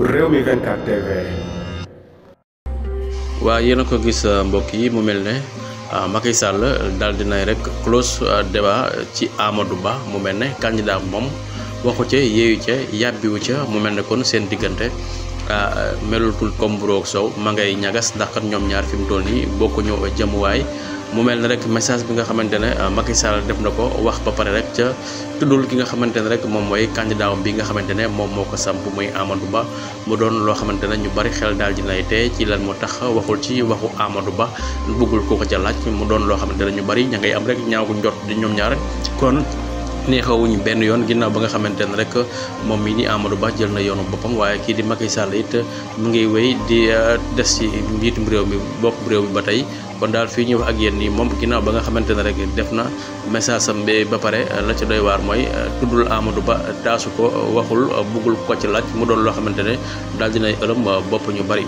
Rewmi 24 TV. waaw yéen a ko gis euh, mbokk yi mu mel ne euh, Macky Sall daal dinay rek close euh, débat ci Amadou Ba mu mel ne candidat moom waxu ca yeeyu ca yàbbiwu ca mu mel ne kon seen diggante. melul comme bu roog ma ngay ñagas ndax kat ñoom ñaar fi mu toll nii bokkuñu jëmuwaay mu mel ne rek message bi nga xamante ne euh, Macky Sall def na ko wax ba pare rek ca tuddul ki nga xamante ne rek moom mooy candidat bi nga xamante ne moom moo ko samp muy Amadou Ba mu doon loo xamante ne ñu bari xel daal di nay tey ci lan moo tax waxul ci waxu Amadou Ba bëggul ko ko ca laaj mu doon loo xamante ne ñu bari ña ngay am rek ñaaw gu njort di ñoom ñaar kon. neexawuñu benn yoon ginnaaw ba nga xamante ne rek moom mii di Amadou Ba jël na yoonu boppam waaye kii di mag Macky Sall it mu ngi wéy di euh, des ci njiitum réew mi bopp réew mi ba tey kon daal fii ñu wax ak yéen nii moom ginnaaw ba nga xamante ne rek def na message am ba pare euh, la ca doy waar mooy euh, tuddul Amadou Ba taasu ko waxul buggul ko ci laaj mu doon loo xamante ne daal dinay ëlëm bopp ñu bari